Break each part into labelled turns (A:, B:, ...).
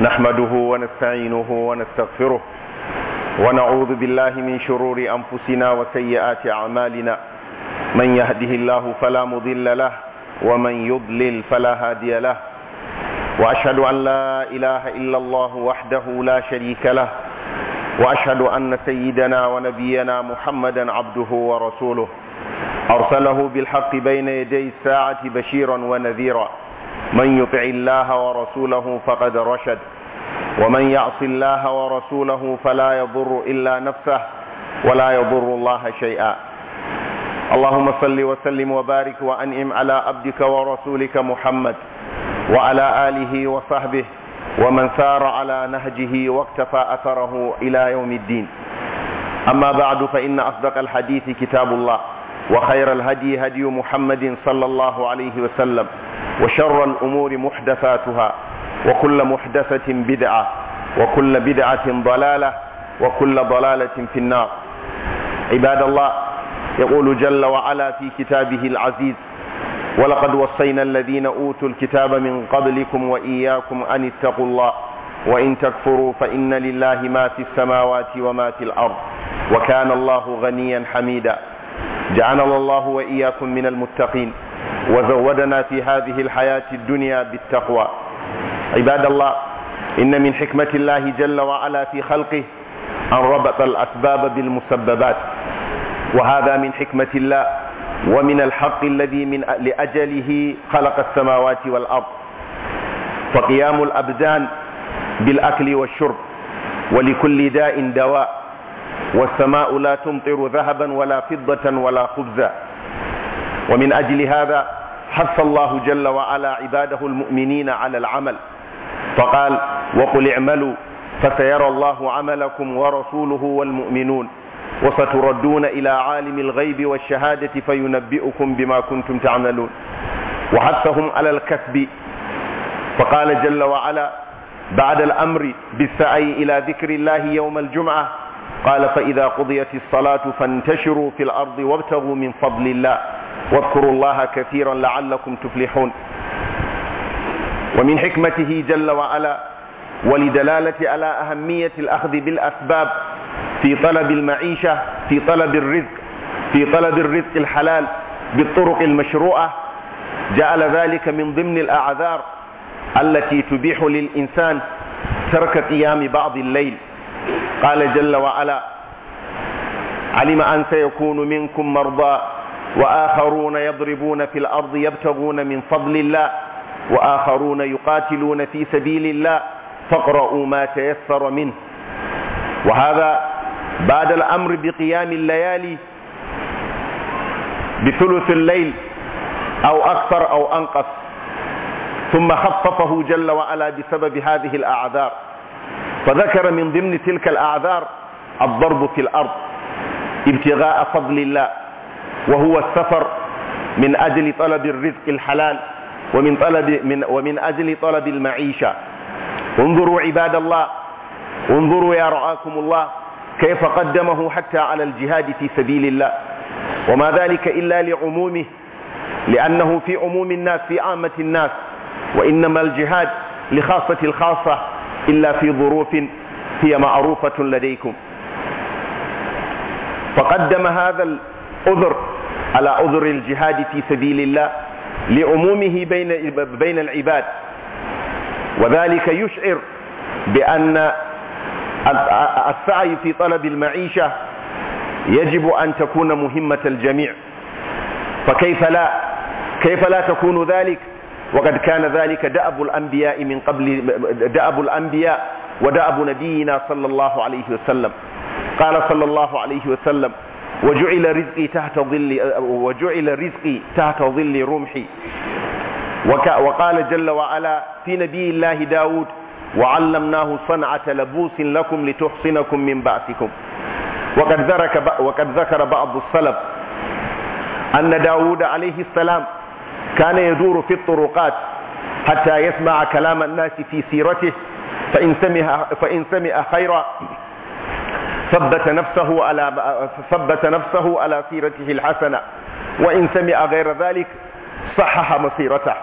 A: نحمده ونستعينه ونستغفره ونعوذ بالله من شرور أنفسنا وسيئات أعمالنا من يهده الله فلا مضل له ومن يضلل فلا هادي له وأشهد أن لا إله إلا الله وحده لا شريك له وأشهد أن سيدنا ونبينا محمدا عبده ورسوله أرسله بالحق بين يدي الساعة بشيرا ونذيرا من يطع الله ورسوله فقد رشد ومن يعص الله ورسوله فلا يضر الا نفسه ولا يضر الله شيئا اللهم صل وسلم وبارك وانعم على عبدك ورسولك محمد وعلى اله وصحبه ومن سار على نهجه واقتفى اثره الى يوم الدين اما بعد فان اصدق الحديث كتاب الله وخير الهدي هدي محمد صلى الله عليه وسلم وشر الأمور محدثاتها وكل محدثة بدعة وكل بدعة ضلالة وكل ضلالة في النار عباد الله يقول جل وعلا في كتابه العزيز ولقد وصينا الذين أوتوا الكتاب من قبلكم وإياكم أن اتقوا الله وإن تكفروا فإن لله ما في السماوات وما في الأرض وكان الله غنيا حميدا جعلنا الله وإياكم من المتقين وزودنا في هذه الحياة الدنيا بالتقوى عباد الله إن من حكمة الله جل وعلا في خلقه أن ربط الأسباب بالمسببات وهذا من حكمة الله ومن الحق الذي من لأجله خلق السماوات والأرض فقيام الأبدان بالأكل والشرب ولكل داء دواء والسماء لا تمطر ذهبا ولا فضة ولا خبزا ومن أجل هذا حث الله جل وعلا عباده المؤمنين على العمل فقال وقل اعملوا فسيرى الله عملكم ورسوله والمؤمنون وستردون إلى عالم الغيب والشهادة فينبئكم بما كنتم تعملون وحثهم على الكسب فقال جل وعلا بعد الأمر بالسعي إلى ذكر الله يوم الجمعة قال فإذا قضيت الصلاة فانتشروا في الأرض وابتغوا من فضل الله واذكروا الله كثيرا لعلكم تفلحون ومن حكمته جل وعلا ولدلالة على أهمية الأخذ بالأسباب في طلب المعيشة في طلب الرزق في طلب الرزق الحلال بالطرق المشروعة جعل ذلك من ضمن الأعذار التي تبيح للإنسان ترك قيام بعض الليل قال جل وعلا علم أن سيكون منكم مرضى وآخرون يضربون في الأرض يبتغون من فضل الله وآخرون يقاتلون في سبيل الله فاقرؤوا ما تيسر منه وهذا بعد الأمر بقيام الليالي بثلث الليل أو أكثر أو أنقص ثم خففه جل وعلا بسبب هذه الأعذار فذكر من ضمن تلك الأعذار الضرب في الأرض ابتغاء فضل الله وهو السفر من أجل طلب الرزق الحلال ومن, طلب من ومن أجل طلب المعيشة انظروا عباد الله انظروا يا رعاكم الله كيف قدمه حتى على الجهاد في سبيل الله وما ذلك إلا لعمومه لأنه في عموم الناس في عامة الناس وإنما الجهاد لخاصة الخاصة إلا في ظروف هي معروفة لديكم فقدم هذا الأذر على أذر الجهاد في سبيل الله لعمومه بين بين العباد وذلك يشعر بأن السعي في طلب المعيشة يجب أن تكون مهمة الجميع فكيف لا كيف لا تكون ذلك وقد كان ذلك دأب الأنبياء من قبل دأب الأنبياء ودأب نبينا صلى الله عليه وسلم قال صلى الله عليه وسلم وجعل رزقي تحت ظل وجعل رزقي تحت ظل رمحي وقال جل وعلا في نبي الله داود وعلمناه صنعة لبوس لكم لتحصنكم من بعثكم وقد ذكر وقد ذكر بعض السلف أن داود عليه السلام كان يدور في الطرقات حتى يسمع كلام الناس في سيرته فإن سمع, فإن سمع خيرا ثبت نفسه على ثبت نفسه على سيرته الحسنة وإن سمع غير ذلك صحح مصيرته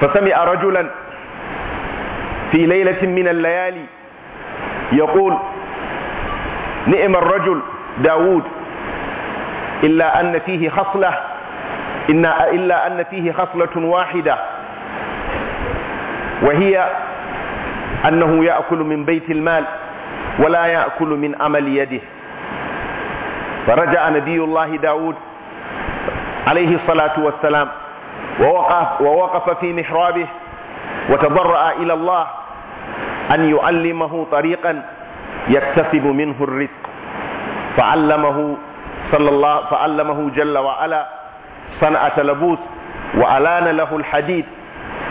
A: فسمع رجلا في ليلة من الليالي يقول نئم الرجل داود إلا أن فيه خصلة إن إلا أن فيه خصلة واحدة وهي أنه يأكل من بيت المال ولا يأكل من عمل يده فرجع نبي الله داود عليه الصلاة والسلام ووقف, ووقف في محرابه وتضرأ إلى الله أن يعلمه طريقا يكتسب منه الرزق فعلمه صلى الله فعلمه جل وعلا صنعة لبوس وألان له الحديد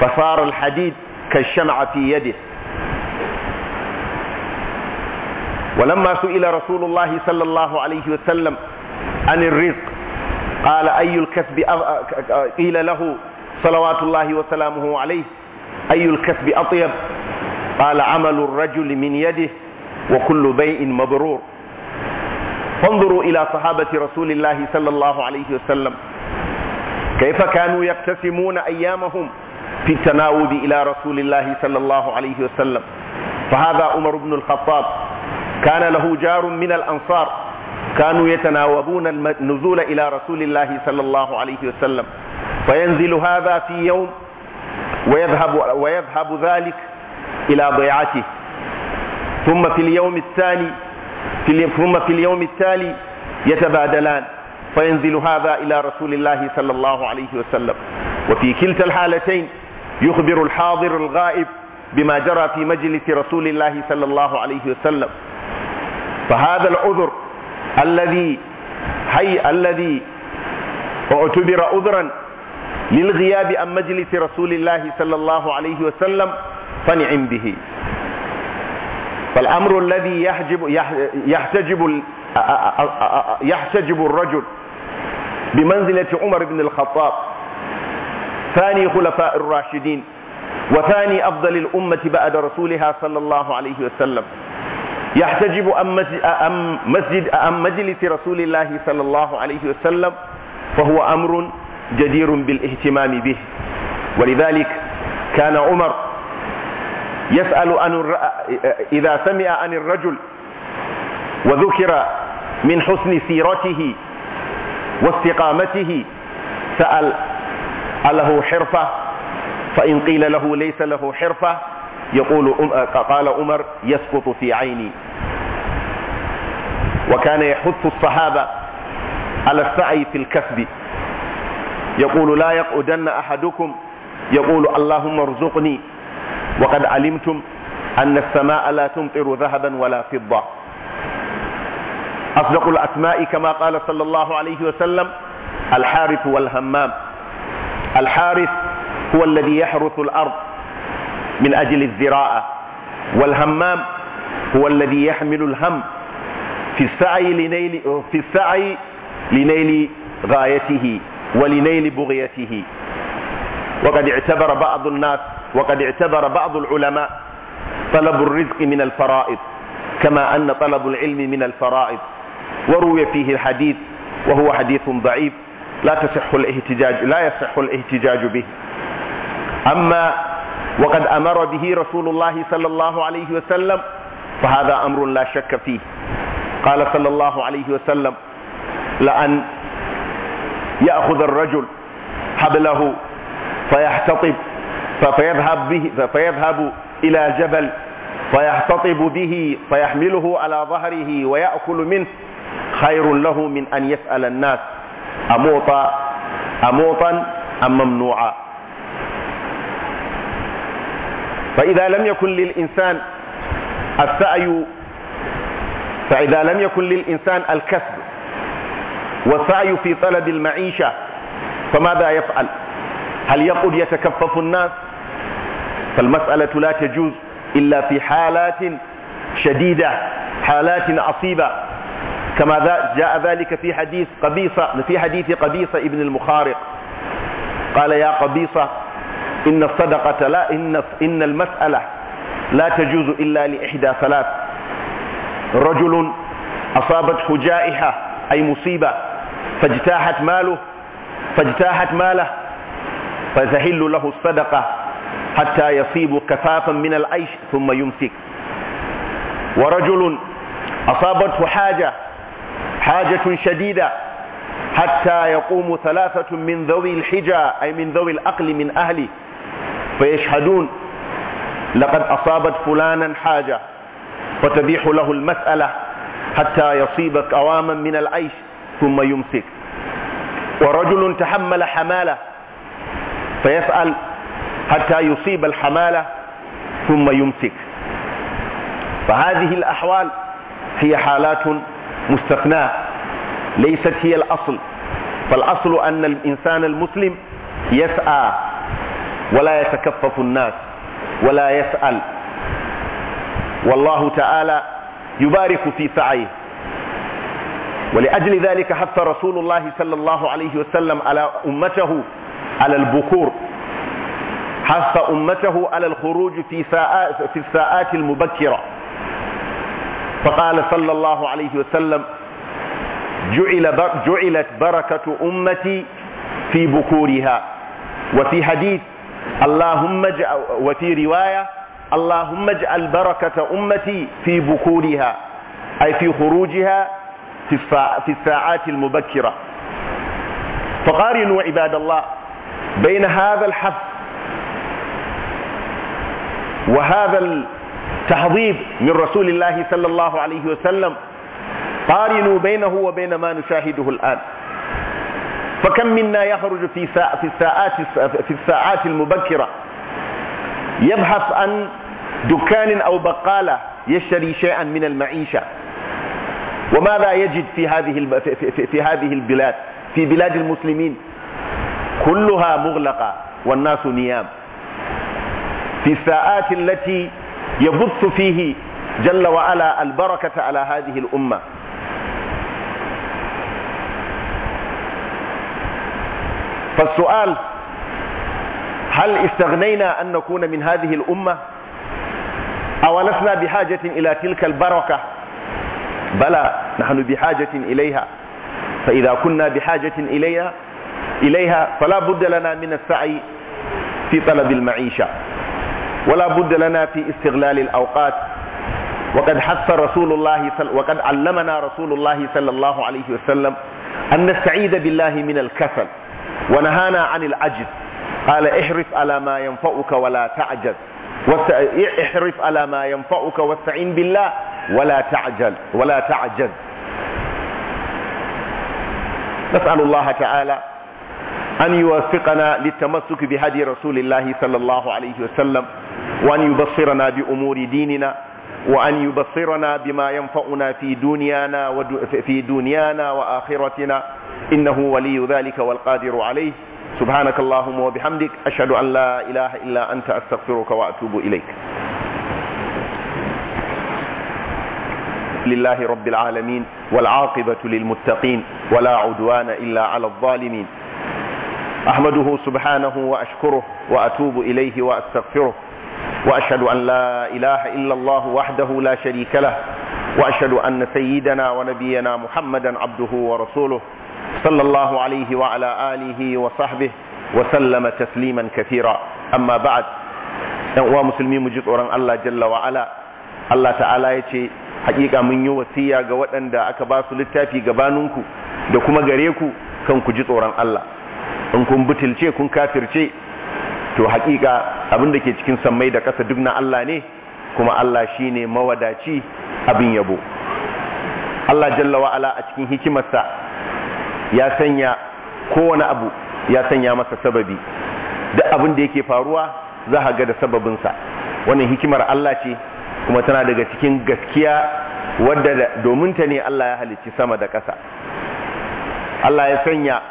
A: فصار الحديد كالشمعة في يده ولما سئل رسول الله صلى الله عليه وسلم عن الرزق قال أي الكسب قيل له صلوات الله وسلامه عليه أي الكسب أطيب قال عمل الرجل من يده وكل بيء مبرور فانظروا إلى صحابة رسول الله صلى الله عليه وسلم كيف كانوا يقتسمون أيامهم في التناوب إلى رسول الله صلى الله عليه وسلم فهذا عمر بن الخطاب كان له جار من الأنصار كانوا يتناوبون النزول إلى رسول الله صلى الله عليه وسلم فينزل هذا في يوم ويذهب, ويذهب ذلك إلى ضيعته ثم في اليوم الثاني ثم في اليوم التالي يتبادلان فينزل هذا إلى رسول الله صلى الله عليه وسلم وفي كلتا الحالتين يخبر الحاضر الغائب بما جرى في مجلس رسول الله صلى الله عليه وسلم فهذا العذر الذي هي الذي اعتبر عذرا للغياب عن مجلس رسول الله صلى الله عليه وسلم فنعم به فالأمر الذي يحجب يحتجب يحتجب الرجل بمنزلة عمر بن الخطاب ثاني خلفاء الراشدين وثاني أفضل الأمة بعد رسولها صلى الله عليه وسلم يحتجب أم مسجد أم مجلس رسول الله صلى الله عليه وسلم فهو أمر جدير بالاهتمام به ولذلك كان عمر يسأل عن إذا سمع عن الرجل وذكر من حسن سيرته واستقامته سأل أله حرفة فإن قيل له ليس له حرفة يقول قال عمر يسقط في عيني وكان يحث الصحابة على السعي في الكسب يقول لا يقعدن أحدكم يقول اللهم ارزقني وقد علمتم أن السماء لا تمطر ذهبا ولا فضة أصدق الأسماء كما قال صلى الله عليه وسلم الحارث والهمام الحارث هو الذي يحرث الأرض من أجل الزراعة والهمام هو الذي يحمل الهم في السعي لنيل في السعي لنيل غايته ولنيل بغيته وقد اعتبر بعض الناس وقد اعتبر بعض العلماء طلب الرزق من الفرائض كما أن طلب العلم من الفرائض وروي فيه الحديث وهو حديث ضعيف لا تصح الاحتجاج لا يصح الاحتجاج به أما وقد أمر به رسول الله صلى الله عليه وسلم فهذا أمر لا شك فيه قال صلى الله عليه وسلم لأن يأخذ الرجل حبله فيحتطب فيذهب به فيذهب إلى جبل فيحتطب به فيحمله على ظهره ويأكل منه خير له من أن يسأل الناس أموطا أموطا أم ممنوعا فإذا لم يكن للإنسان السعي فإذا لم يكن للإنسان الكسب والسعي في طلب المعيشة فماذا يفعل هل يقعد يتكفف الناس فالمسألة لا تجوز إلا في حالات شديدة حالات عصيبة كما جاء ذلك في حديث قبيصة في حديث قبيصة ابن المخارق قال يا قبيصة إن الصدقة لا إن إن المسألة لا تجوز إلا لإحدى ثلاث رجل أصابته جائحة أي مصيبة فاجتاحت ماله فاجتاحت ماله فتهل له الصدقة حتى يصيب كفافا من العيش ثم يمسك ورجل أصابته حاجة حاجة شديدة حتى يقوم ثلاثة من ذوي الحجا أي من ذوي الأقل من أهله فيشهدون لقد أصابت فلانا حاجة وتبيح له المسألة حتى يصيب قواما من العيش ثم يمسك ورجل تحمل حمالة فيسأل حتى يصيب الحمالة ثم يمسك فهذه الأحوال هي حالات مستثناء ليست هي الأصل فالأصل أن الإنسان المسلم يسعى ولا يتكفف الناس ولا يسأل والله تعالى يبارك في سعيه ولأجل ذلك حث رسول الله صلى الله عليه وسلم على أمته على البكور حث أمته على الخروج في, في الساعات المبكرة فقال صلى الله عليه وسلم جعل جعلت بركة أمتي في بكورها وفي حديث اللهم وفي رواية اللهم اجعل بركة أمتي في بكورها أي في خروجها في الساعات المبكرة فقارنوا عباد الله بين هذا الحث وهذا تهذيب من رسول الله صلى الله عليه وسلم قارنوا بينه وبين ما نشاهده الآن فكم منا يخرج في في الساعات في الساعات المبكرة يبحث عن دكان أو بقالة يشتري شيئا من المعيشة وماذا يجد في هذه في هذه البلاد في بلاد المسلمين كلها مغلقة والناس نيام في الساعات التي يبث فيه جل وعلا البركة على هذه الأمة فالسؤال هل استغنينا أن نكون من هذه الأمة أولسنا بحاجة إلى تلك البركة بلى نحن بحاجة إليها فإذا كنا بحاجة إليها إليها فلا بد لنا من السعي في طلب المعيشة ولا بد لنا في استغلال الأوقات وقد حث رسول الله صل... وقد علمنا رسول الله صلى الله عليه وسلم أن نستعيد بالله من الكسل ونهانا عن العجز قال احرف على ما ينفعك ولا تعجز وست... على ما ينفعك واستعين بالله ولا تعجل ولا تعجز نسأل الله تعالى أن يوفقنا للتمسك بهدي رسول الله صلى الله عليه وسلم وأن يبصرنا بأمور ديننا وأن يبصرنا بما ينفعنا في دنيانا في دنيانا وآخرتنا إنه ولي ذلك والقادر عليه سبحانك اللهم وبحمدك أشهد أن لا إله إلا أنت أستغفرك وأتوب إليك لله رب العالمين والعاقبة للمتقين ولا عدوان إلا على الظالمين أحمده سبحانه وأشكره وأتوب إليه وأستغفره واشهد ان لا اله الا الله وحده لا شريك له واشهد ان سيدنا ونبينا محمدا عبده ورسوله صلى الله عليه وعلى اله وصحبه وسلم تسليما كثيرا اما بعد wa musulmi mu ji tsoron Allah jalla wa Allah ta'ala ya ce hakika mun yi wasiya ga waɗanda aka basu su littafi gabaninku da kuma gare ku kan ku ji tsoron Allah in kun butulce kun kafirce to hakika abin da ke cikin sammai da ƙasa duk na Allah ne kuma Allah shine mawadaci abin yabo Allah jalla wa ala a cikin hikimarsa ya sanya kowane abu ya sanya masa sababi duk abin da yake faruwa za a ga da sababinsa wannan hikimar Allah ce kuma tana daga cikin gaskiya wadda domin ta ne Allah ya halicci sama da ƙasa Allah ya sanya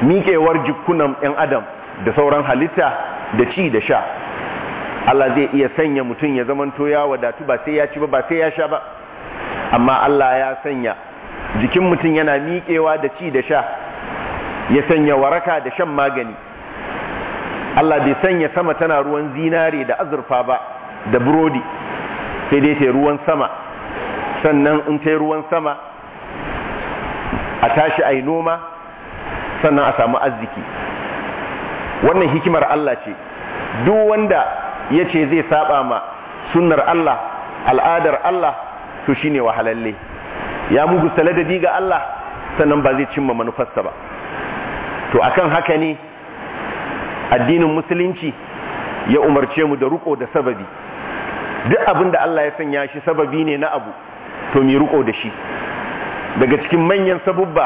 A: miƙewar jikunan 'yan adam da sauran halitta da ci da sha Allah zai iya sanya mutum ya zamanto ya wadatu ba sai ya ci ba ba sai ya sha ba amma Allah ya sanya jikin mutum yana miƙewa da ci da sha ya sanya waraka da shan magani Allah bai sanya sama tana ruwan zinare da azurfa ba da burodi sai dai ta ruwan sama sannan in ta ruwan sama a tashi a noma sannan a samu arziki wannan hikimar Allah ce duk wanda ya ce zai saba ma sunnar Allah al'adar Allah to shine wahalalle ya mugu saladadi ga Allah sannan ba zai cimma manufarsa ba to akan haka ne addinin musulunci ya umarce mu da ruko da sababi duk abin da Allah ya sanya shi sababi ne na abu to mi ruko da shi daga cikin manyan sabubba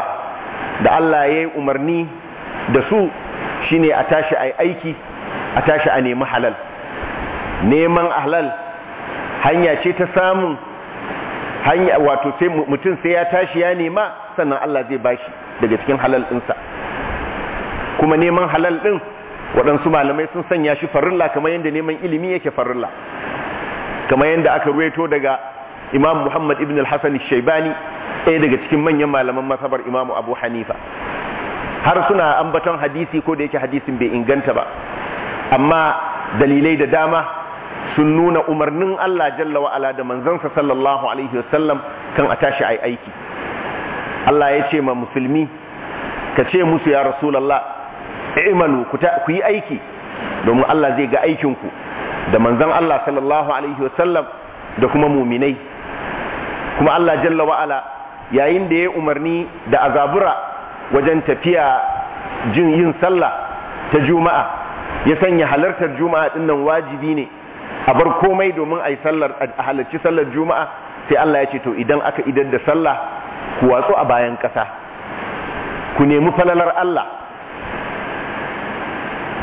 A: da Allah ya yi umarni da su Shi ne a tashi a aiki a tashi a nemi halal neman halal hanya ce ta samun hanya wato sai mutum sai ya tashi ya nema sannan Allah zai bashi daga cikin halal ɗinsa kuma neman halal ɗin waɗansu malamai sun sanya shi farilla kamar yadda neman ilimi yake farilla kamar yadda aka ruweto daga imam muhammad ibn al-hassan shaibani ɗaya daga cikin manyan malaman masabar imamu abu hanifa har suna ambaton hadisi ko da yake hadisin bai inganta ba amma dalilai da dama sun nuna umarnin Allah jalla wa ala da manzansa sallallahu alaihi wasallam kan a tashi ai aiki Allah ya ce ma musulmi ka ce musu ya rasulullah i'malu ku yi aiki domin Allah zai ga aikin ku da manzon Allah sallallahu alaihi wasallam da kuma muminai kuma Allah jalla wa ala yayin da ya umarni da azabura wajen tafiya jin yin sallah ta juma'a ya sanya halartar juma'a din wajibi ne a bar komai domin a sallar a halarci sallar juma'a sai Allah ya ce to idan aka idar da sallah ku watsu a bayan ƙasa ku nemi falalar Allah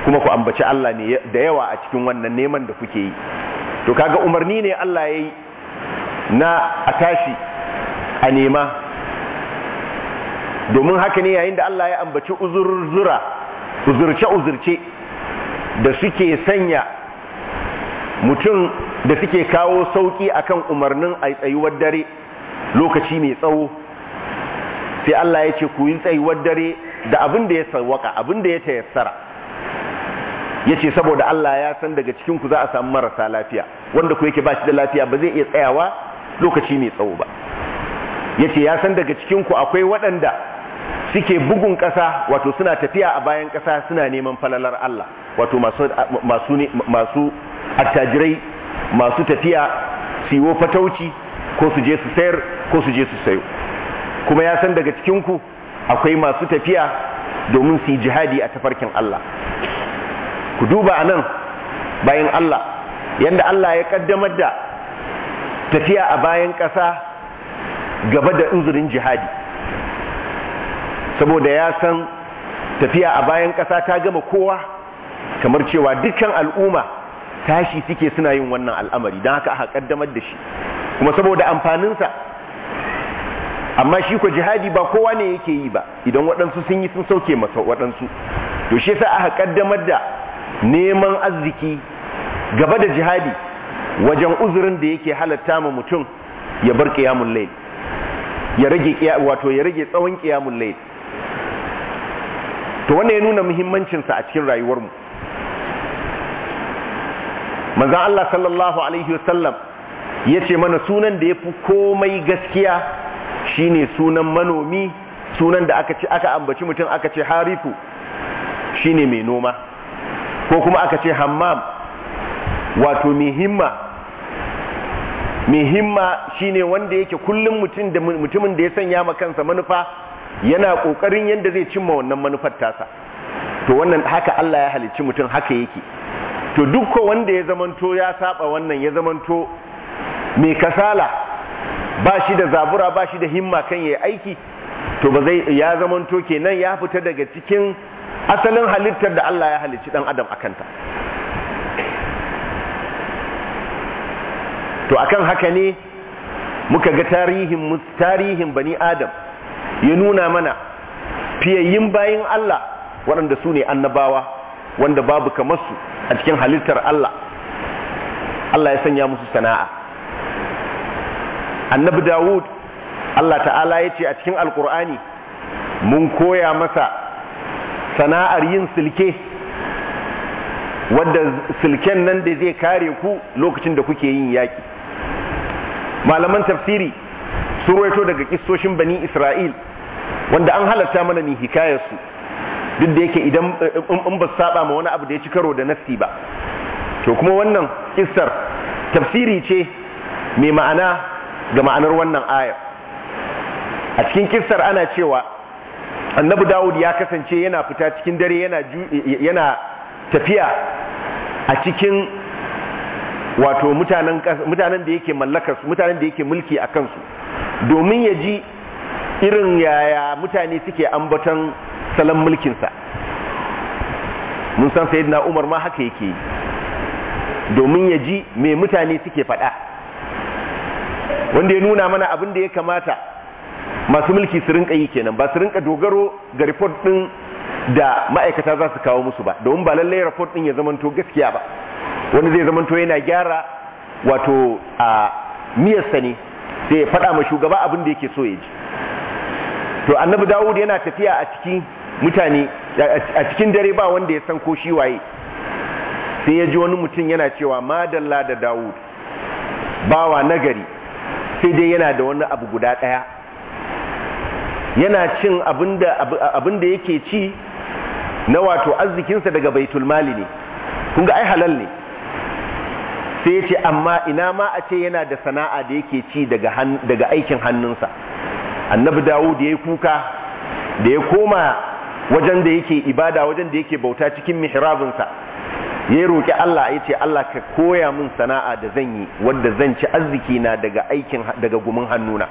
A: kuma ku ambaci Allah ne da yawa a cikin wannan neman da kuke yi to kaga umarni ne Allah ya yi na a tashi a nema domin haka ne yayin da Allah ya ambaci uzurzura uzurce-uzurce da suke sanya mutum da suke kawo sauki akan umarnin a tsayuwar dare lokaci mai tsawo sai Allah ya ce ku yi tsayuwar dare da abin da ya sawaka abin da ya tayassara ya ce saboda Allah ya san daga cikinku za a samu marasa lafiya wanda ku yake ba shi da lafiya ba zai iya tsayawa lokaci mai tsawo ba ya ce ya san daga cikinku akwai waɗanda suke bugun ƙasa wato suna tafiya a bayan ƙasa suna neman falalar Allah wato masu attajirai masu tafiya siwo fatauci ko su je su sayar ko su je su sayo kuma ya san daga cikinku akwai masu tafiya domin su yi jihadi a tafarkin Allah ku duba a nan bayan Allah yadda Allah ya kaddamar da tafiya a bayan ƙasa gaba da uzurin jihadi saboda ya san tafiya a bayan ƙasa ta gama kowa kamar cewa dukkan al'umma tashi suke suna yin wannan al'amari don haka aka kaddamar da shi kuma saboda amfaninsa amma shi ko jihadi ba kowa ne yake yi ba idan waɗansu sun yi sun sauke masa waɗansu to shi sa aka kaddamar da neman arziki gaba da jihadi wajen uzurin da yake halatta ma mutum ya bar qiyamul layl ya rage wato ya rage tsawon qiyamul layl to wannan ya nuna muhimmancinsa a cikin rayuwarmu manzan Allah sallallahu Alaihi wasallam ya ce mana sunan da ya fi komai gaskiya shine sunan manomi sunan da aka ce aka ambaci mutum aka ce harifu shine mai noma ko kuma aka ce hammam wato muhimma muhimma shine wanda yake kullum mutumin da ya sanya ma kansa manufa yana kokarin yadda zai cimma wannan manufar tasa to wannan haka Allah ya halicci mutum haka yake to dukkan wanda ya zamanto ya saba wannan ya zamanto mai kasala ba shi da zabura ba shi da himma kan yayi aiki to ba zai ya zamanto kenan ya fita daga cikin asalin halittar da Allah ya halicci dan adam akanta to akan haka ne muka ga tarihin tarihin bani adam ya nuna mana fiyayyin bayin Allah waɗanda su ne annabawa wanda babu kamar su a cikin halittar Allah Allah ya sanya musu sana'a annabi Dawud Allah ta'ala ya ce a cikin alkur'ani mun koya masa sana'ar yin silke wadda silken nan da zai kare ku lokacin da kuke yin yaƙi malaman tafsiri surwaito daga kissoshin bani isra'il wanda an halarta mana ni hikayarsu duk da yake idan in ba saba ma wani abu da ya ci karo da nassi ba to kuma wannan kissar tafsiri ce mai ma'ana ga ma'anar wannan ayar a cikin kissar ana cewa annabi dawud ya kasance yana fita cikin dare yana yana tafiya a cikin wato mutanen da yake mallakar mutanen da yake mulki a kansu domin ya ji irin yaya mutane suke ambaton salon mulkinsa mun san sayi na umar ma haka yake domin ya ji mai mutane suke faɗa wanda ya nuna mana abin da ya kamata masu mulki su rinka yi kenan ba su rinka dogaro ga report ɗin da ma'aikata za su kawo musu ba domin ba lallai report ɗin ya zamanto gaskiya ba wani zai zamanto yana gyara wato a miyarsa ne sai ya faɗa ma shugaba abin da yake so ya ji to annabi dawud yana tafiya a cikin mutane a cikin dare ba wanda ya san ko shi waye sai ya ji wani mutum yana cewa madalla da dawud bawa nagari sai dai yana da wani abu guda ɗaya yana cin abinda da yake ci na wato arzikinsa daga baitul mali ne kun ga ai halal ne sai ya ce amma ina ma a ce yana da sana'a da yake ci daga aikin hannunsa annabi dawud ya kuka da ya koma wajen da yake ibada wajen da yake bauta cikin mihrabinsa ya roƙi Allah ya ce Allah ka koya min sana'a da zan yi wadda zan ci arziki na daga aikin daga gumin hannuna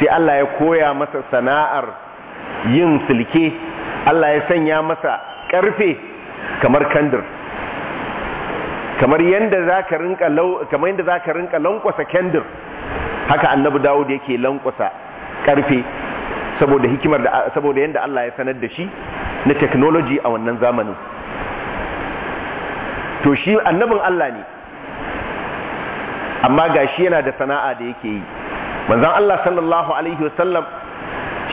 A: sai Allah ya koya masa sana'ar yin silke Allah ya sanya masa ƙarfe kamar kandir kamar yadda za ka rinka kamar yadda za ka rinka lankwasa kendir haka annabi dawud yake lankwasa karfe saboda hikimar da saboda yadda Allah ya sanar da shi na technology a wannan zamanin to shi annabin Allah ne amma ga shi yana da sana'a da yake yi manzan Allah sallallahu alaihi wasallam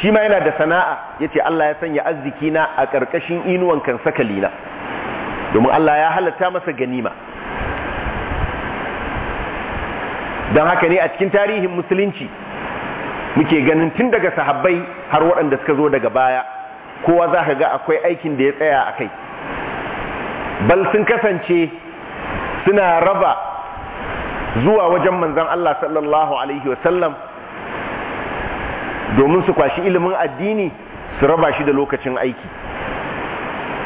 A: shi ma yana da sana'a yace Allah ya sanya arziki na a ƙarƙashin inuwan kan sakalina domin Allah ya halatta masa ganima don haka ne a cikin tarihin musulunci muke ganin tun daga sahabbai har waɗanda suka zo daga baya kowa za ka ga akwai aikin da ya tsaya a kai bal sun kasance suna raba zuwa wajen manzan Allah sallallahu Alaihi wasallam domin su kwashi ilimin addini su raba shi da lokacin aiki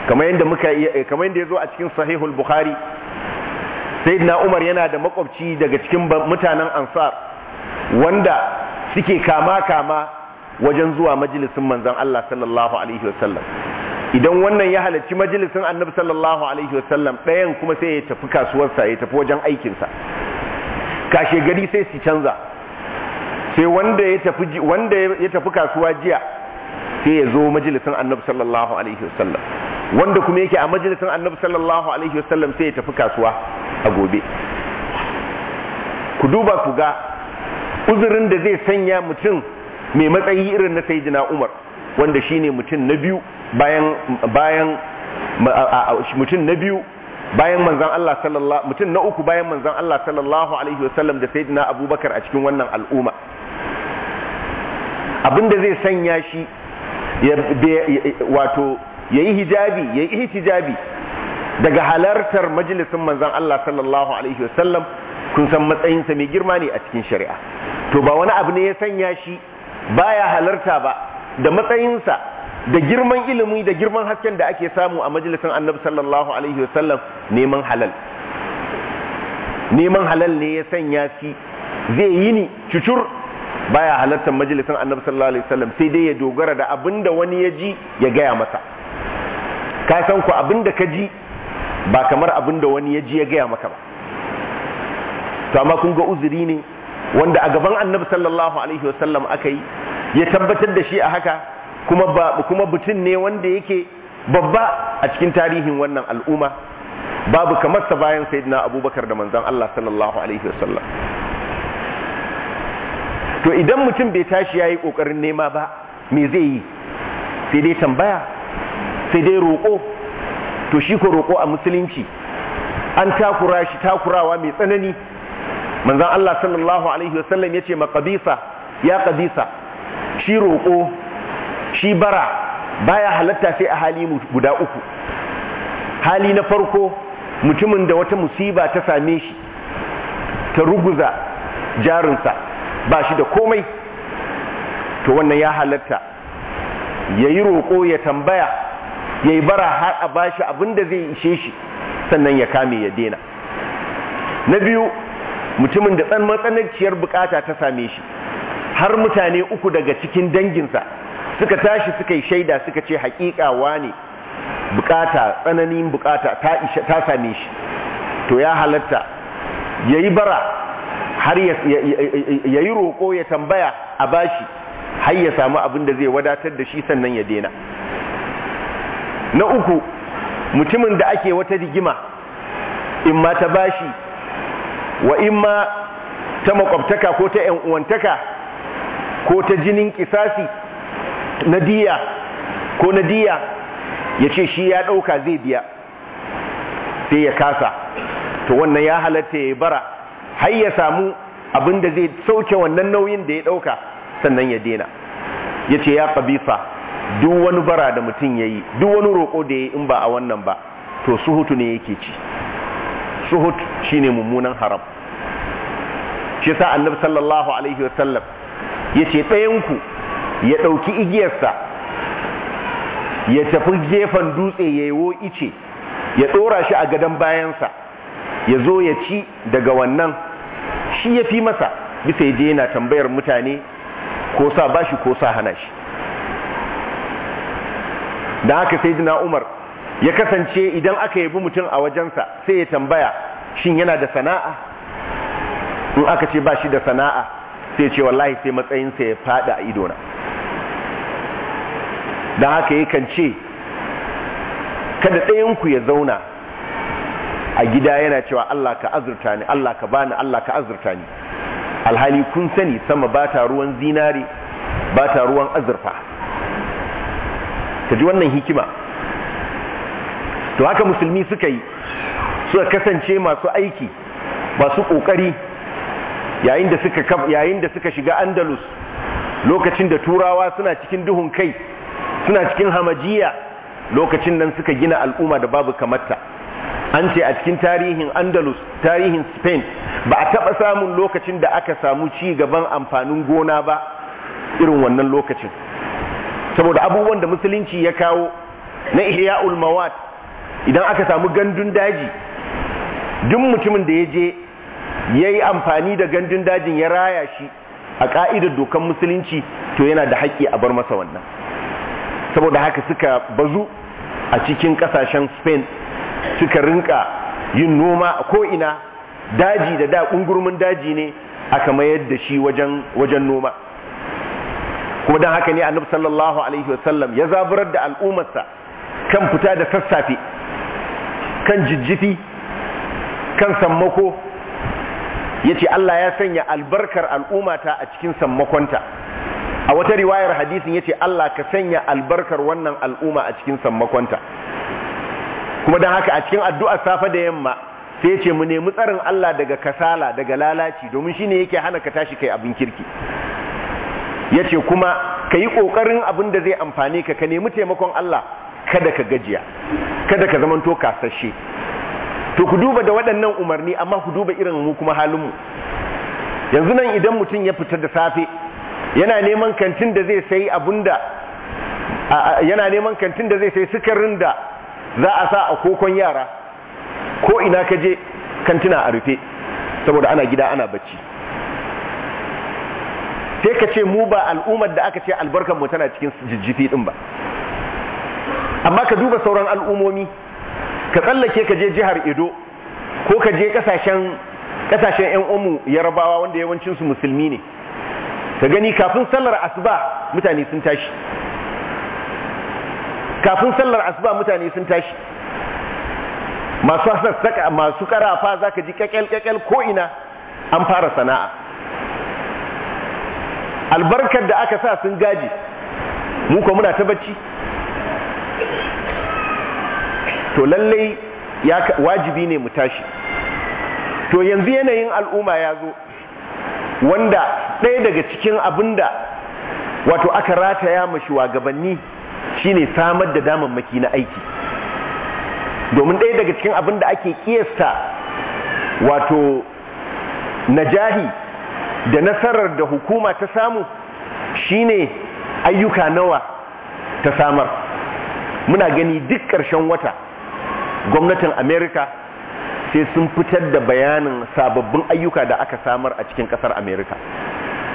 A: kamar yadda ya zo a cikin sahihul bukhari sayyidina umar yana da makwabci daga cikin mutanen ansar wanda suke kama kama wajen zuwa majalisin manzon Allah sallallahu alaihi wasallam idan wannan ya halarci majalisin annabi sallallahu alaihi wasallam ɗayan kuma sai ya tafi kasuwarsa ya tafi wajen aikinsa kashe gari sai su canza sai wanda ya tafi wanda ya tafi kasuwa jiya sai ya zo majalisin annabi sallallahu alaihi wasallam wanda kuma yake a majalisin annabi sallallahu alaihi wasallam sai ya tafi kasuwa a gobe ku duba ku ga uzurin da zai sanya mutum mai matsayi irin na sayyidina umar wanda shine mutum na biyu bayan bayan mutum na biyu bayan manzon Allah sallallahu mutum na uku bayan manzon Allah sallallahu alaihi wasallam da sayyidina abubakar a cikin wannan al'umma abinda zai sanya shi wato yayi hijabi yayi hijabi daga halartar majalisin manzan Allah sallallahu alaihi wasallam kun san matsayinsa mai girma ne a cikin shari'a to ba wani abu ne ya sanya shi ba ya halarta ba da matsayinsa da girman ilimi da girman hasken da ake samu a majalisin annabi sallallahu alaihi wasallam neman halal neman halal ne ya sanya shi zai yi ni cucur ya halartar majalisin annabi sallallahu alaihi wasallam sai dai ya dogara da abinda wani ya ji ya gaya masa ka san ku abinda ka ji ba kamar abin da wani ya ji ya gaya maka ba to amma kun ga uzuri ne wanda a gaban annabi sallallahu alaihi wasallam aka yi ya tabbatar da shi a haka kuma ba kuma butun ne wanda yake babba a cikin tarihin wannan al'umma babu kamar sa bayan sayyidina abubakar da manzon Allah sallallahu alaihi wasallam to idan mutum bai tashi yayi kokarin nema ba me zai yi sai dai tambaya sai dai roƙo to shi ko roƙo a musulunci an takura shi takurawa mai tsanani manzan Allah sallallahu alaihi wasallam yace ma qabisa ya qabisa shi roƙo shi bara baya halatta sai a hali guda uku hali na farko mutumin da wata musiba ta same shi ta ruguza jarinsa ba shi da komai to wannan ya halatta ya yi roƙo ya tambaya ya yi bara har a bashi abin da zai ishe shi sannan ya kame ya dena na biyu mutumin da tsan matsananciyar bukata ta same shi har mutane uku daga cikin danginsa suka tashi suka yi shaida suka ce haƙiƙawa ne bukata tsananin bukata ta same shi to ya halatta ya yi bara har ya yi roƙo ya tambaya a ba shi, har ya samu abin da zai wadatar da shi sannan ya dena na uku mutumin da ake wata rigima in ma ta bashi wa in ma ta makwabtaka ko ta 'yan uwantaka ko ta jinin kisasi na diya ko na diya ya ce shi ya ɗauka zai biya sai ya kasa to wannan ya halatta ya bara har ya samu abinda zai sauke wannan nauyin da ya ɗauka sannan ya dena ya ce ya ƙabifa. duk wani bara da mutum ya yi duk wani roƙo da ya yi in ba a wannan ba to suhutu ne yake ci shi ne mummunan haram shi sa annabi sallallahu alaihi wasallam ya ce ɗayanku ya ɗauki igiyarsa ya tafi gefen dutse ya yi ice ya ɗora shi a gadon bayansa ya zo ya ci daga wannan shi ya fi masa bisa ya je yana tambayar mutane ko sa bashi ko sa hana shi da haka sai sayyidina Umar ya kasance idan aka yabi mutum a wajensa sai ya tambaya shin yana da sana'a in aka ce ba shi da sana'a sai ce wallahi sai matsayinsa ya fada a idona Da haka yakan ce kada ɗayanku ya zauna a gida yana cewa Allah ka azurta ni Allah ka bani Allah ka azurta ni alhali kun sani sama ba ta ruwan zinare ba ta ruwan azurfa ka ji wannan hikima to haka musulmi suka yi suka kasance masu aiki masu kokari yayin da suka yayin da suka shiga andalus lokacin da turawa suna cikin duhun kai suna cikin hamajiya lokacin nan suka gina al'umma da babu kamarta an ce a cikin tarihin andalus tarihin spain ba a taɓa samun lokacin da aka samu ci gaban amfanin gona ba irin wannan lokacin saboda abubuwan da musulunci ya kawo na ihya'ul mawat idan aka samu gandun daji duk mutumin da ya je ya yi amfani da gandun dajin ya raya shi a ka'idar dokan musulunci to yana da haƙƙi a bar masa wannan saboda haka suka bazu a cikin ƙasashen spain suka rinka yin noma a ko'ina daji da da ƙungurmin daji ne aka mayar da shi wajen noma kuma don haka ne annabi sallallahu alaihi wasallam ya zaburar da al'ummarsa kan fita da sassafe kan jijjifi kan sammako ya ce Allah ya sanya albarkar al'ummata a cikin sammakonta a wata riwayar hadisin ya ce Allah ka sanya albarkar wannan al'umma a cikin sammakonta kuma don haka a cikin addu'a safe da yamma sai ya ce mu nemi tsarin Allah daga kasala daga lalaci domin shi ne yake hana ka tashi kai abin kirki Ya ce kuma ka yi ƙoƙarin abin da zai amfani ka ka nemi taimakon Allah kada ka gajiya kada ka zama zamanto kasashe to ku duba da waɗannan umarni amma ku duba irin mu kuma halin mu yanzu nan idan mutum ya fita da safe yana neman kantin da zai sayi abinda yana neman kantin da zai sayi sukarin da za a sa a kokon yara ko ina ka je kantina a rufe saboda ana gida ana bacci sai ka ce mu ba al'ummar da aka ce albarkar mu tana cikin jijjifi din ba amma ka duba sauran al'ummomi ka tsallake ka je jihar Edo ko ka je kasashen kasashen ƴan umu Yarbawa wanda yawancin musulmi ne ka gani kafin sallar asuba mutane sun tashi kafin sallar asuba mutane sun tashi masu sassaka masu karafa zaka ji kakel kakel ko ina an fara sana'a albarkar da aka sa sun gaji mu muna ta bacci to lallai wajibi ne mu tashi to yanzu yanayin al'umma ya zo wanda ɗaya daga cikin abin wato aka rataya ma shugabanni shine samar da damammaki na aiki domin ɗaya daga cikin abin da ake ƙiyasta wato najahi da nasarar da hukuma ta samu shine ayyuka nawa ta samar muna gani duk ƙarshen wata gwamnatin Amerika sai sun fitar da bayanin sababbin ayyuka da aka samar a cikin ƙasar Amerika.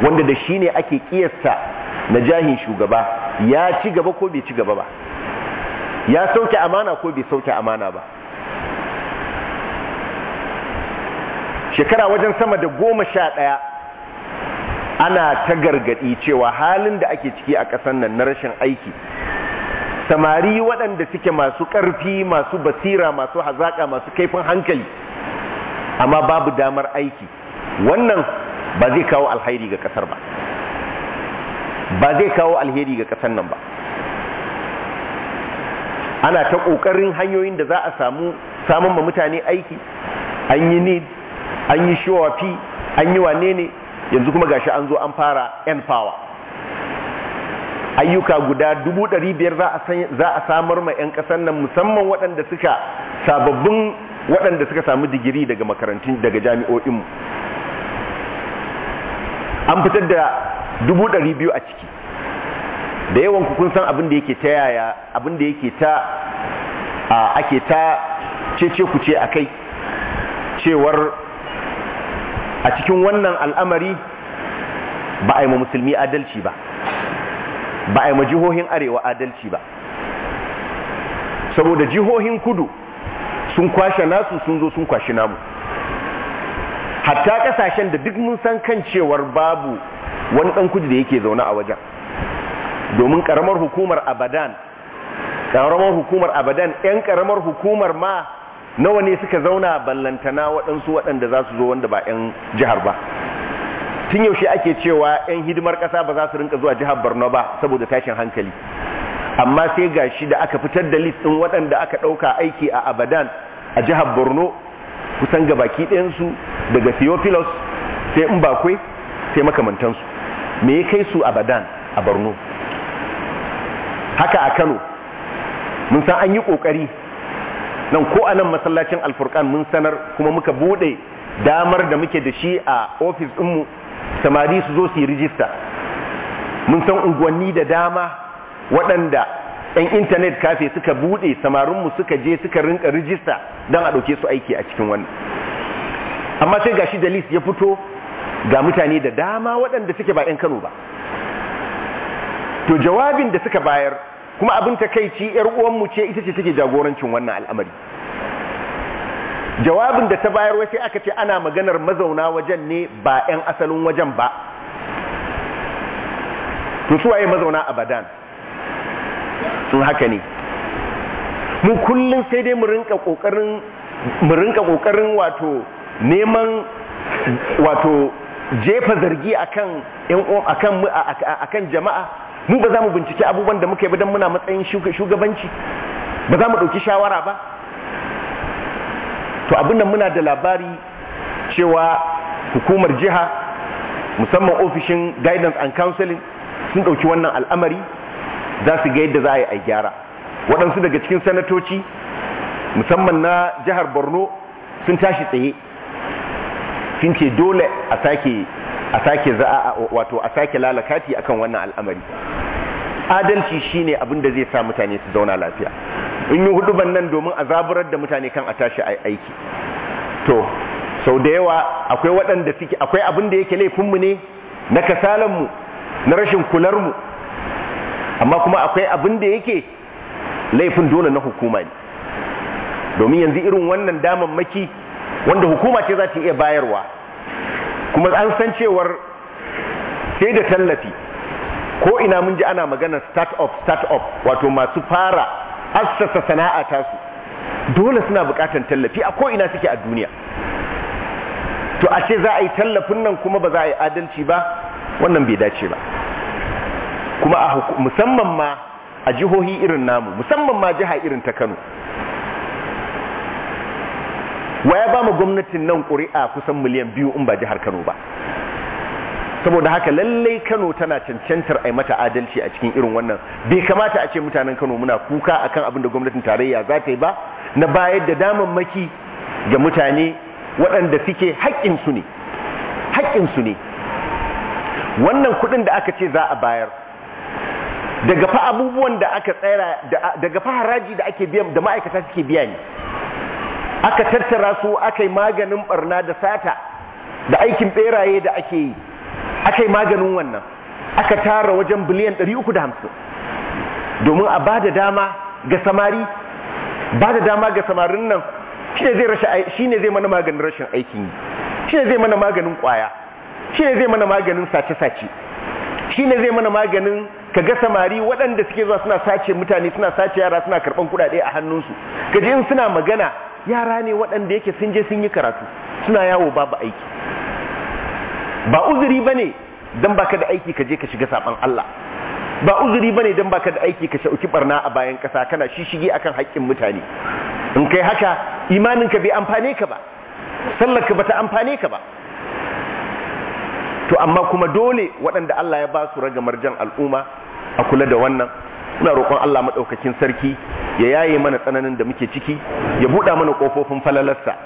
A: wanda da shine ake kiyasta na jahin shugaba ya ci gaba ko bai ci gaba ba ya sauke amana ko bai sauke amana ba shekara wajen sama da goma sha ɗaya ana ta gargadi cewa halin da ake ciki a ƙasar nan na rashin aiki samari waɗanda suke masu ƙarfi masu basira masu hazaƙa masu kaifin hankali amma babu damar aiki wannan ba zai kawo alheri ga ƙasar ba ba zai kawo alheri ga ƙasar nan ba ana ta ƙoƙarin hanyoyin da za a samu samun ma mutane aiki an yi need an yi fi, an yi wane ne yanzu kuma gashi an zo an fara n power ayyuka guda dubu ɗari biyar za a samar ma 'yan ƙasar nan musamman waɗanda suka sababbin waɗanda suka samu digiri daga makarantun daga jami'o'inmu an fitar da dubu a ciki da yawan kun san abin da yake ta yaya abin da yake ta ake ta cece ku ce a kai cewar a cikin wannan al'amari ba a yi ma musulmi adalci ba ba a yi ma jihohin arewa adalci ba saboda jihohin kudu sun kwashe nasu sun zo sun kwashe namu hatta kasashen da duk mun san kan cewar babu wani dan kudu da yake zaune a wajen domin karamar hukumar abadan karamar hukumar abadan yan karamar hukumar ma nawa ne suka zauna ballantana waɗansu waɗanda za su zo wanda ba 'yan jihar ba tun yaushe ake cewa 'yan hidimar ƙasa ba za su rinka zuwa jihar borno ba saboda tashin hankali amma sai ga shi da aka fitar da list ɗin waɗanda aka ɗauka aiki a abadan a jihar borno kusan gabaki ɗayansu daga theophilus sai in bakwai sai makamantansu me ya kai su abadan a borno haka a kano mun san an yi ƙoƙari nan ko a nan masallacin alfurkan mun sanar kuma muka bude damar da muke da shi a ofis ɗinmu samari su zo su yi rijista mun san unguwanni da dama waɗanda 'yan intanet kafe suka buɗe samarinmu suka je suka rinka rijista don a ɗauke su aiki a cikin wannan amma sai gashi da list ya fito ga mutane da dama waɗanda suke ba 'yan kano ba to jawabin da suka bayar kuma abin takeici yar uwan mu ce ita ce take jagorancin wannan al'amari jawabin da ta bayar wace sai aka ce ana maganar mazauna wajen ne ba 'yan asalin wajen ba to su waye mazauna abadan sun haka ne mu kullum sai dai mu rinka kokarin mu rinka kokarin wato neman wato jefa zargi akan akan akan jama'a mu ba za mu bincike abubuwan da muka yi don muna matsayin shugabanci ba za mu ɗauki shawara ba to abin nan muna da labari cewa hukumar jiha musamman ofishin guidance and counseling sun ɗauki wannan al'amari za su ga yadda za a yi a gyara waɗansu daga cikin sanatoci musamman na jihar borno sun tashi tsaye sun ce dole a sake za a wato a sake lalakati akan wannan al'amari adalci shine abin da zai sa mutane su zauna lafiya in yi huduban nan domin a zaburar da mutane kan a tashi a aiki to sau da yawa akwai waɗanda suke akwai abin da yake laifinmu ne na kasalanmu na rashin kularmu amma kuma akwai abin da yake laifin dole na hukuma ne domin yanzu irin wannan damammaki wanda hukuma ce za ta iya bayarwa kuma an san cewar sai da tallafi ko ina mun ji ana magana start-up start-up wato masu fara assasa sana'a tasu dole suna bukatar tallafi a ko ina suke a duniya to a ce za a yi tallafin nan kuma ba za a yi adalci ba wannan bai dace ba kuma a musamman ma a jihohi irin namu musamman ma jiha irin ta kano waya ba mu gwamnatin nan ƙuri'a kusan miliyan biyu in ba jihar kano ba saboda haka lallai Kano tana cancantar ai mata adalci a cikin irin wannan bai kamata a ce mutanen Kano muna kuka akan abin da gwamnatin tarayya za ta yi ba na bayar da maki ga mutane waɗanda suke haƙƙin ne haƙƙin ne wannan kuɗin da aka ce za a bayar daga fa abubuwan da aka tsara daga fa haraji da ake biya da ma'aikata suke biya ne aka tattara su aka yi maganin barna da sata da aikin beraye da ake yi aka yi maganin wannan aka tara wajen biliyan 350 domin a ba da dama ga samari ba da dama ga samarin nan shi ne zai mana maganin rashin aikin yi shi ne zai mana maganin kwaya shi ne zai mana maganin sace-sace shi ne zai mana maganin ka ga samari waɗanda suke zuwa suna sace mutane suna sace yara suna karɓan kuɗaɗe a hannunsu gaji in suna magana yara ne waɗanda yake sun je sun yi karatu suna yawo babu aiki ba uzuri bane dan baka da aiki ka je ka shiga saban Allah ba uzuri bane dan baka da aiki ka shauki barna a bayan ƙasa kana shishige akan haƙƙin mutane in kai haka imaninka bai amfane ka ba sallarka bata amfane ka ba to amma kuma dole waɗanda Allah ya ba su ragamar jan al'umma a kula da wannan ina roƙon Allah maɗaukakin sarki ya yaye mana tsananin da muke ciki ya buɗa mana ƙofofin falalarsa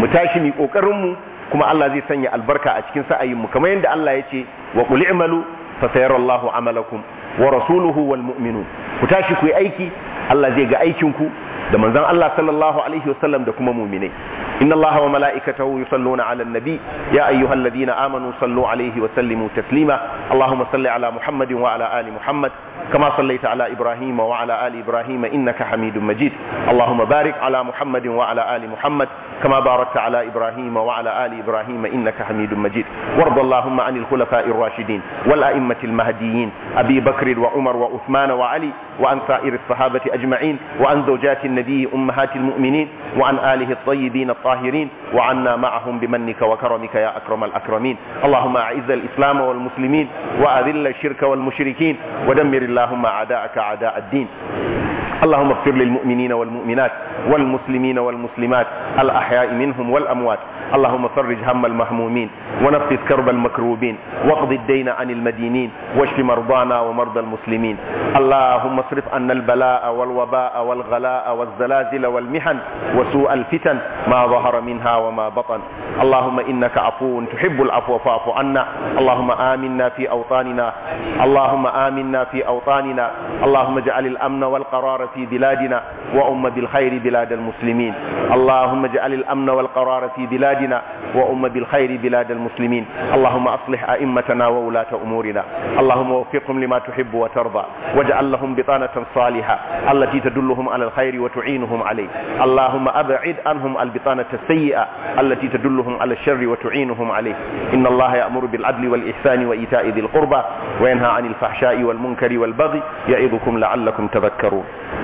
A: mu tashi mu ƙoƙarinmu kuma Allah zai sanya albarka a cikin sa'ayin mu kamar yadda Allah ya ce wa qul i'malu fa sayarallahu amalakum wa rasuluhu wal mu'minun ku tashi ku yi aiki Allah zai ga aikin ku da manzon Allah sallallahu alaihi wasallam da kuma mu'minai inna Allah wa mala'ikatahu yusalluna 'alan nabi ya ayyuhalladhina amanu sallu alaihi wa sallimu taslima Allahumma salli ala Muhammadin wa ala ali Muhammad kama sallaita ala Ibrahim wa ala ali Ibrahim innaka Hamidum Majid Allahumma barik ala Muhammadin wa ala ali Muhammad كما باركت على إبراهيم وعلى آل إبراهيم إنك حميد مجيد وارض اللهم عن الخلفاء الراشدين والأئمة المهديين أبي بكر وعمر وعثمان وعلي وعن سائر الصحابة أجمعين وعن زوجات النبي أمهات المؤمنين وعن آله الطيبين الطاهرين وعنا معهم بمنك وكرمك يا أكرم الأكرمين اللهم أعز الإسلام والمسلمين وأذل الشرك والمشركين ودمر اللهم أعداءك أعداء الدين اللهم اغفر للمؤمنين والمؤمنات والمسلمين والمسلمات الأحياء منهم والأموات اللهم فرج هم المهمومين ونفس كرب المكروبين واقض الدين عن المدينين واشف مرضانا ومرضى المسلمين اللهم اصرف عنا البلاء والوباء والغلاء والزلازل والمحن وسوء الفتن ما ظهر منها وما بطن اللهم إنك عفو تحب العفو فاعف عنا اللهم آمنا في أوطاننا اللهم آمنا في أوطاننا اللهم اجعل الأمن والقرار في بلادنا وأم بالخير بلاد المسلمين اللهم اجعل الأمن والقرار في بلادنا وأم بالخير بلاد المسلمين اللهم أصلح أئمتنا وولاة أمورنا اللهم وفقهم لما تحب وترضى واجعل لهم بطانة صالحة التي تدلهم على الخير وتعينهم عليه اللهم أبعد عنهم البطانة السيئة التي تدلهم على الشر وتعينهم عليه إن الله يأمر بالعدل والإحسان وإيتاء ذي القربى وينهى عن الفحشاء والمنكر والبغي يعظكم لعلكم تذكرون